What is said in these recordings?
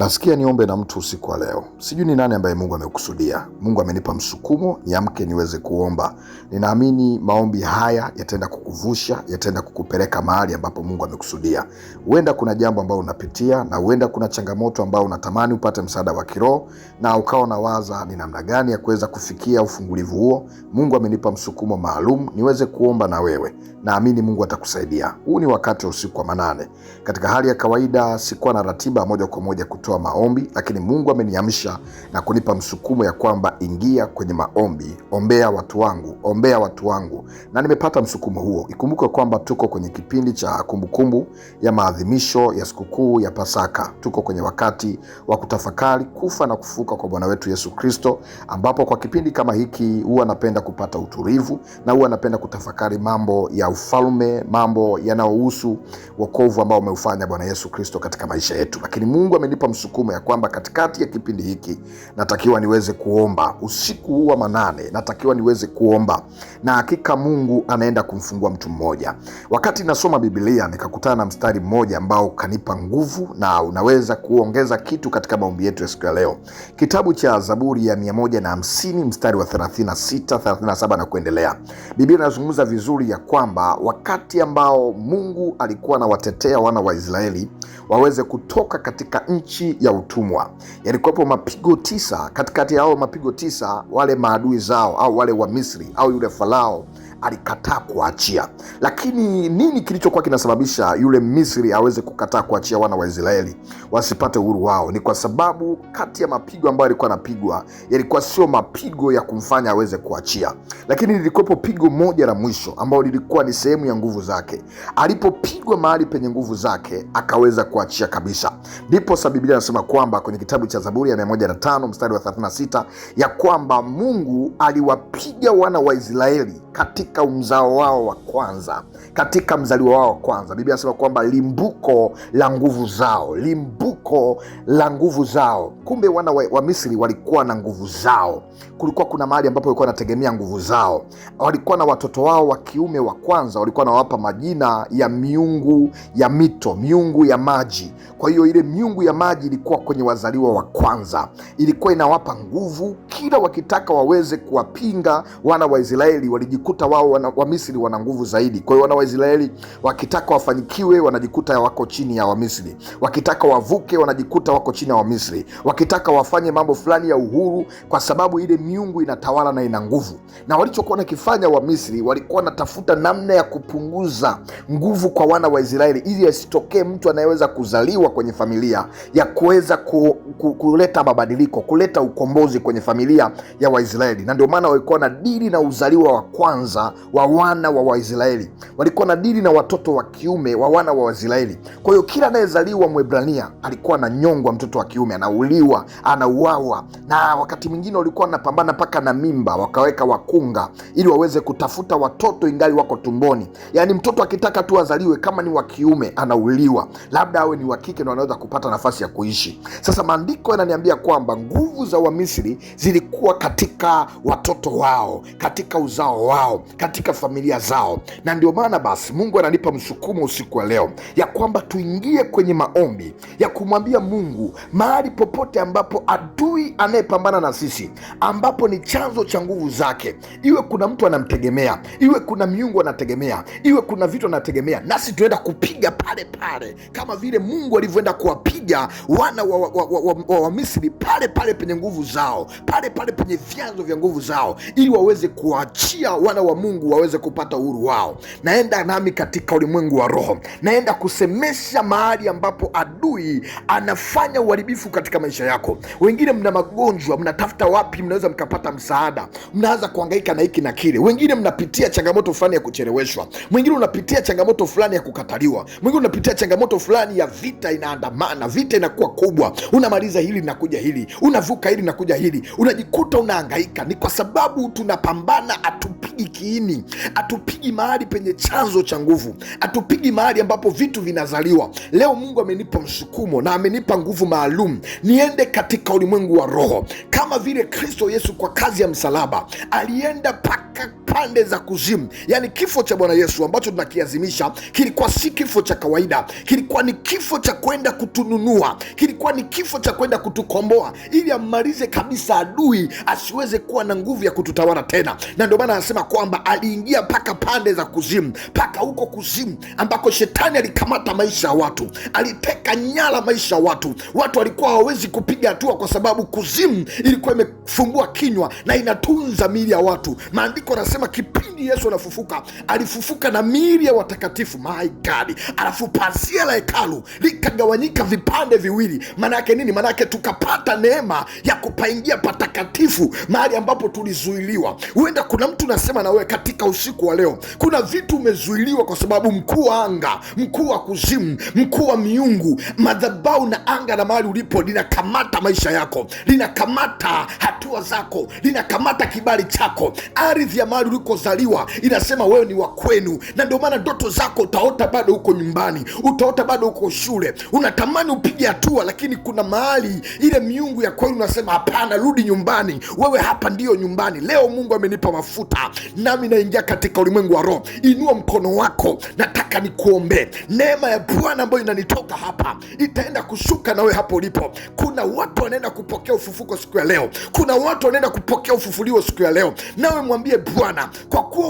Nasikia niombe na mtu usiku wa leo, sijui ni nani ambaye Mungu amekusudia. Mungu amenipa msukumo niamke niweze kuomba. Ninaamini maombi haya yataenda kukuvusha, yataenda kukupeleka mahali ambapo Mungu amekusudia. Huenda kuna jambo ambalo unapitia na huenda kuna changamoto ambayo unatamani upate msaada wa kiroho, na ukawa na waza ni namna gani ya kuweza kufikia ufungulivu huo. Mungu amenipa msukumo maalum niweze kuomba na wewe, naamini Mungu atakusaidia. Huu ni wakati wa usiku wa manane. Katika hali ya kawaida sikuwa na ratiba moja kwa moja kutoka kutoa maombi, lakini Mungu ameniamsha na kunipa msukumo ya kwamba ingia kwenye maombi, ombea watu wangu, ombea watu wangu, na nimepata msukumo huo. Ikumbuke kwamba tuko kwenye kipindi cha kumbukumbu ya maadhimisho ya sikukuu ya Pasaka. Tuko kwenye wakati wa kutafakari kufa na kufuka kwa Bwana wetu Yesu Kristo, ambapo kwa kipindi kama hiki huwa napenda kupata utulivu na huwa napenda kutafakari mambo ya ufalme, mambo yanayohusu wokovu ambao umeufanya Bwana Yesu Kristo katika maisha yetu, lakini Mungu amenipa msukumo ya kwamba katikati ya kipindi hiki natakiwa niweze kuomba, usiku huu wa manane natakiwa niweze kuomba, na hakika Mungu anaenda kumfungua mtu mmoja. Wakati nasoma Biblia nikakutana na mstari mmoja ambao ukanipa nguvu na unaweza kuongeza kitu katika maombi yetu ya siku ya leo, kitabu cha Zaburi ya 150 mstari wa 36, 37 na kuendelea. Biblia inazungumza vizuri ya kwamba wakati ambao Mungu alikuwa anawatetea wana wa Israeli waweze kutoka katika nchi nchi ya utumwa. Yalikuwepo mapigo tisa, katikati ya hao mapigo tisa, wale maadui zao au wale wa Misri au yule Farao alikataa kuachia. Lakini nini kilichokuwa kinasababisha yule Misri aweze kukataa kuachia wana wa Israeli wasipate uhuru wao? Ni kwa sababu kati ya mapigo ambayo alikuwa anapigwa yalikuwa sio mapigo ya kumfanya aweze kuachia, lakini lilikuwepo pigo moja la mwisho ambalo lilikuwa ni sehemu ya nguvu zake. Alipopigwa mahali penye nguvu zake akaweza kuachia kabisa. Ndipo sa Biblia anasema kwamba kwenye kitabu cha Zaburi ya 105 mstari wa 36 ya kwamba Mungu aliwapiga wana wa Israeli katika katika mzao wao wa kwanza, katika mzaliwa wao wa kwanza. Biblia anasema kwamba limbuko la nguvu zao, limbuko la nguvu zao. Kumbe wana wa, wa Misri walikuwa na nguvu zao, kulikuwa kuna mahali ambapo walikuwa wanategemea nguvu zao. Walikuwa na watoto wao wa kiume wa kwanza, walikuwa nawapa majina ya miungu ya mito, miungu ya maji. Kwa hiyo ile miungu ya maji ilikuwa kwenye wazaliwa wa kwanza, ilikuwa inawapa nguvu, kila wakitaka waweze kuwapinga wana wa Israeli walijikuta wao wao wana, Misri wana nguvu zaidi. Kwa hiyo wana Waisraeli wakitaka wafanikiwe wanajikuta wako chini ya Wamisri, wakitaka wavuke wanajikuta wako chini ya Wamisri, wakitaka wafanye mambo fulani ya uhuru, kwa sababu ile miungu inatawala na ina nguvu. Na walichokuwa wanakifanya Wamisri, walikuwa wanatafuta namna ya kupunguza nguvu kwa wana wa Israeli ili asitokee mtu anayeweza kuzaliwa kwenye familia ya kuweza ku, ku, kuleta mabadiliko, kuleta ukombozi kwenye familia ya Waisraeli, na ndio maana walikuwa na dili na uzaliwa wa kwanza wa wana wa Waisraeli. Walikuwa na dili na watoto wa kiume wa wana wa Waisraeli. Kwa hiyo kila anayezaliwa Mwebrania alikuwa ananyongwa, mtoto wa kiume anauliwa, anauawa, na wakati mwingine walikuwa wanapambana mpaka na mimba, wakaweka wakunga ili waweze kutafuta watoto ingali wako tumboni. Yaani mtoto akitaka tu azaliwe, kama ni wa kiume anauliwa, labda awe ni wa kike ndo anaweza kupata nafasi ya kuishi. Sasa maandiko yananiambia kwamba nguvu za Wamisri zilikuwa katika watoto wao, katika uzao wao, katika familia zao. Na ndio maana basi Mungu ananipa msukumo usiku wa leo ya kwamba tuingie kwenye maombi ya kumwambia Mungu mahali popote ambapo adui anayepambana na sisi, ambapo ni chanzo cha nguvu zake, iwe kuna mtu anamtegemea, iwe kuna miungu anategemea, iwe kuna vitu anategemea, nasi tunaenda kupiga pale pale, kama vile Mungu alivyoenda kuwapiga wana wa, wa, wa, wa, wa, wa, wa Misri pale pale penye nguvu zao, pale pale penye vyanzo vya nguvu zao, ili waweze kuwachia wana wa Mungu Mungu waweze kupata uhuru wao. Naenda nami katika ulimwengu wa roho, naenda kusemesha mahali ambapo adui anafanya uharibifu katika maisha yako. Wengine mna magonjwa, mnatafuta wapi mnaweza mkapata msaada, mnaanza kuangaika na hiki na kile. Wengine mnapitia changamoto fulani ya kucheleweshwa, mwingine unapitia changamoto fulani ya kukataliwa, mwingine unapitia changamoto fulani ya vita inaandamana, vita inakuwa kubwa, unamaliza hili nakuja hili, unavuka hili nakuja hili, unajikuta unaangaika Ni kwa sababu tunapambana, hatupigi kiini. atupigi mahali penye chanzo cha nguvu, atupigi mahali ambapo vitu vinazaliwa. Leo Mungu amenipa msukumo na amenipa nguvu maalum niende katika ulimwengu wa roho, kama vile Kristo Yesu kwa kazi ya msalaba alienda paka pande za kuzimu. Yani kifo cha Bwana Yesu ambacho tunakiazimisha kilikuwa si kifo cha kawaida, kilikuwa ni kifo cha kwenda kutununua kilikuwa ni kifo cha kwenda kutukomboa ili ammalize kabisa adui asiweze kuwa na nguvu ya kututawala tena. Na ndio maana anasema kwamba aliingia mpaka pande za kuzimu, mpaka huko kuzimu ambako shetani alikamata maisha ya watu, aliteka nyara maisha ya watu. Watu walikuwa hawawezi kupiga hatua kwa sababu kuzimu ilikuwa imefumbua kinywa na inatunza miili ya watu. Maandiko anasema kipindi Yesu anafufuka alifufuka na miili ya watakatifu, my God, alafu pazia la hekalu likagawanyika vipande viwili yake nini? Maanake tukapata neema ya kupaingia patakatifu, mahali ambapo tulizuiliwa. Huenda kuna mtu nasema na wewe katika usiku wa leo, kuna vitu umezuiliwa kwa sababu mkuu wa anga, mkuu wa kuzimu, mkuu wa miungu, madhabahu na anga na mahali ulipo linakamata maisha yako, linakamata hatua zako, linakamata kibali chako. Ardhi ya mahali ulikozaliwa inasema wewe ni wa kwenu, na ndio maana ndoto zako utaota bado huko nyumbani, utaota bado huko shule, unatamani upige hatua lakini kuna mahali ile miungu ya kweli nasema hapana, rudi nyumbani. Wewe hapa ndiyo nyumbani. Leo Mungu amenipa mafuta, nami naingia katika ulimwengu wa roho. Inua mkono wako, nataka nikuombee. Neema ya Bwana ambayo inanitoka hapa itaenda kushuka na wewe hapo ulipo. Kuna watu wanaenda kupokea ufufuko siku ya leo, kuna watu wanaenda kupokea ufufuliwo siku ya leo. Nawe mwambie Bwana, kwa kuwa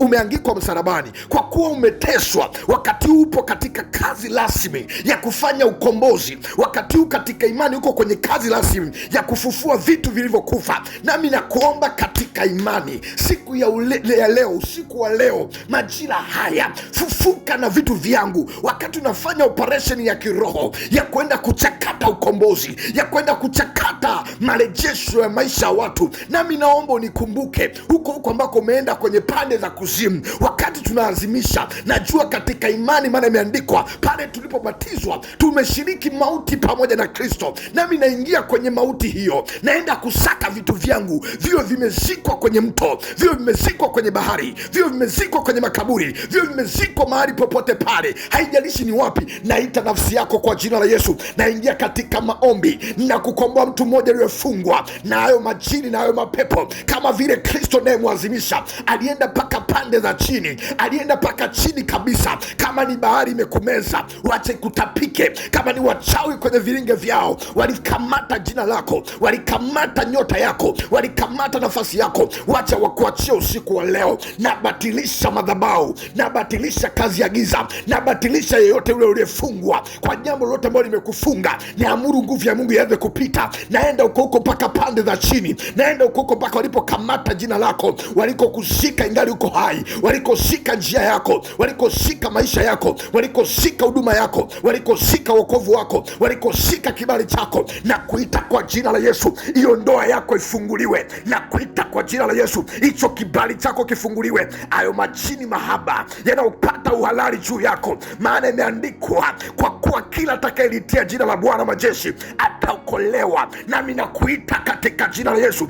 umeangikwa msalabani, kwa kuwa umeteswa, wakati upo katika kazi rasmi ya kufanya ukombozi, wakati wakati huu katika imani uko kwenye kazi rasmi ya kufufua vitu vilivyokufa, nami nakuomba katika imani siku ya, ule, ya leo, usiku wa leo, majira haya, fufuka na vitu vyangu. Wakati unafanya operesheni ya kiroho ya kwenda kuchakata ukombozi, ya kwenda kuchakata marejesho ya maisha ya watu, nami naomba unikumbuke huko huko ambako umeenda kwenye pande za kuzimu, wakati tunalazimisha. Najua katika imani, maana imeandikwa pale tulipobatizwa tumeshiriki mauti pa pamoja na Kristo, nami naingia kwenye mauti hiyo, naenda kusaka vitu vyangu, viwe vimezikwa kwenye mto, viwe vimezikwa kwenye bahari, viwe vimezikwa kwenye makaburi, viwe vimezikwa mahali popote pale, haijalishi ni wapi. Naita nafsi yako kwa jina la Yesu, naingia katika maombi na kukomboa mtu mmoja aliyefungwa na hayo majini na hayo mapepo, kama vile Kristo nayemwazimisha alienda mpaka pande za chini, alienda mpaka chini kabisa. Kama ni bahari imekumeza, wache kutapike. Kama ni wachawi kwenye viringe vyao, walikamata jina lako, walikamata nyota yako, walikamata nafasi yako. Wacha wakuachia usiku wa leo. Nabatilisha madhabahu, nabatilisha kazi ya giza, nabatilisha yeyote ule uliyefungwa kwa jambo lolote ambalo limekufunga. Niamuru nguvu ya Mungu yaweze kupita. Naenda huko huko mpaka pande za chini, naenda huko huko mpaka walipokamata jina lako, walikokushika ingali uko hai, walikoshika njia yako, walikoshika maisha yako, walikoshika huduma yako, walikoshika wokovu wako, waliko shika kibali chako na kuita kwa jina la Yesu, hiyo ndoa yako ifunguliwe na kuita kwa jina la Yesu, hicho kibali chako kifunguliwe, ayo majini mahaba yanayopata uhalali juu yako, maana imeandikwa, kwa kuwa kila atakayelitia jina la Bwana majeshi ataokolewa. Nami nakuita katika jina la Yesu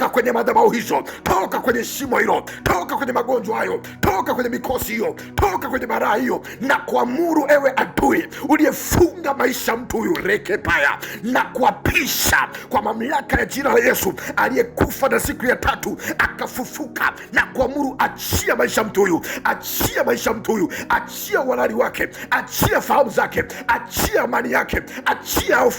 toka kwenye madhabahu hizo, toka kwenye shimo hilo, toka kwenye magonjwa hayo, toka kwenye mikosi hiyo, toka kwenye maraha hiyo, na kuamuru ewe adui uliyefunga maisha mtu huyu reke paya na kuapisha kwa mamlaka ya jina la Yesu aliyekufa na siku ya tatu akafufuka, na kuamuru achia maisha mtu huyu, achia maisha mtu huyu, achia uhalali wake, achia fahamu zake, achia amani yake, achia uh,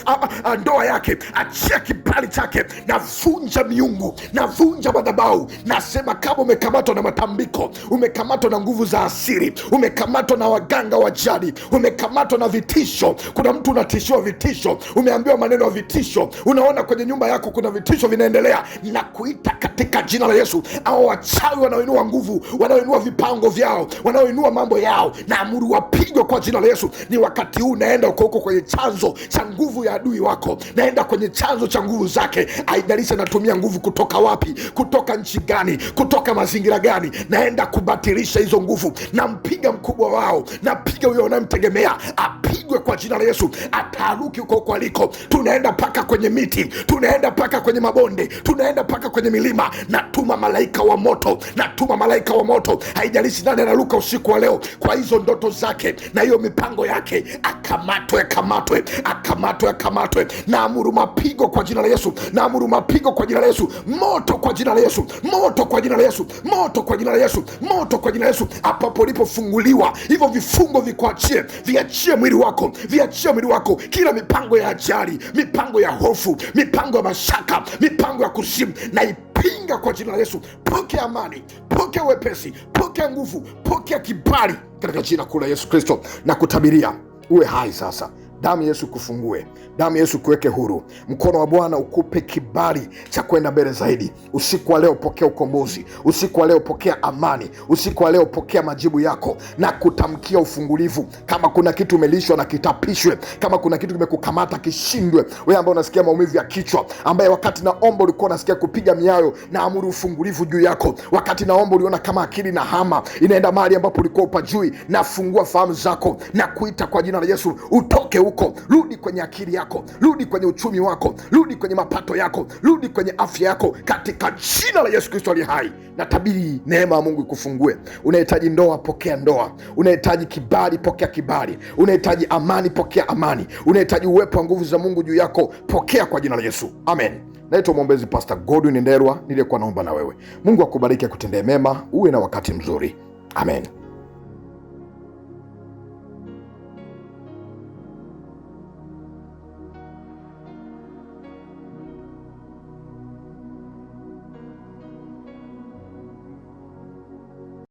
uh, ndoa yake, achia kibali chake, na vunja miungu navunja madhabahu. Nasema kama umekamatwa na matambiko, umekamatwa na nguvu za asiri umekamatwa na waganga wa jadi, umekamatwa na vitisho. Kuna mtu unatishiwa vitisho, umeambiwa maneno ya vitisho, unaona kwenye nyumba yako kuna vitisho vinaendelea, na kuita katika jina la Yesu. Au wachawi wanaoinua nguvu, wanaoinua vipango vyao, wanaoinua mambo yao, naamuru wapigwe kwa jina la Yesu. Ni wakati huu naenda uko huko kwenye chanzo cha nguvu ya adui wako, naenda kwenye chanzo cha nguvu zake, Aidarisha natumia nguvu kuto kutoka wapi, kutoka nchi gani, kutoka mazingira gani. Naenda kubatilisha hizo nguvu, nampiga mkubwa wao, napiga huyo anayemtegemea, apigwe kwa jina la Yesu, ataaruki huko huko aliko. Tunaenda mpaka kwenye miti, tunaenda mpaka kwenye mabonde, tunaenda mpaka kwenye milima. Natuma malaika wa moto, natuma malaika wa moto. Haijalishi nani anaruka usiku wa leo kwa hizo ndoto zake na hiyo mipango yake, akamatwe, akamatwe, akamatwe, akamatwe. Naamuru mapigo kwa jina la Yesu, naamuru mapigo kwa jina la Yesu moto kwa jina la Yesu, moto kwa jina la Yesu, moto kwa jina la Yesu, moto kwa jina la Yesu. Hapapo ulipofunguliwa, hivyo vifungo vikuachie, viachie mwili wako, viachie mwili wako, kila mipango ya ajali, mipango ya hofu, mipango ya mashaka, mipango ya kuzimu na ipinga kwa jina la Yesu. Pokea amani, pokea wepesi, pokea nguvu, pokea kibali katika jina kuu la Yesu Kristo, na kutabiria uwe hai sasa. Damu Yesu kufungue, damu Yesu kuweke huru, mkono wa Bwana ukupe kibali cha kwenda mbele zaidi. Usiku wa leo pokea ukombozi, usiku wa leo pokea amani, usiku wa leo pokea majibu yako na kutamkia ufungulivu. Kama kuna kitu umelishwa na kitapishwe, kama kuna kitu kimekukamata kishindwe. Wewe ambaye unasikia maumivu ya kichwa, ambaye wakati naomba ulikuwa unasikia kupiga miayo, na amuru ufungulivu juu yako. Wakati naomba uliona kama akili na hama inaenda mahali ambapo ulikuwa upajui, nafungua fahamu zako na kuita kwa jina la Yesu utoke yako, rudi kwenye akili yako, rudi kwenye uchumi wako, rudi kwenye mapato yako, rudi kwenye afya yako, katika jina la Yesu Kristo aliye hai. Natabiri neema ya Mungu ikufungue. Unahitaji ndoa, pokea ndoa. Unahitaji kibali, pokea kibali. Unahitaji amani, pokea amani. Unahitaji uwepo wa nguvu za Mungu juu yako, pokea kwa jina la Yesu, amen. Naitwa mwombezi Pastor Godwin Ndelwa, niliyekuwa naomba na wewe. Mungu akubariki, akutendee mema, uwe na wakati mzuri, amen.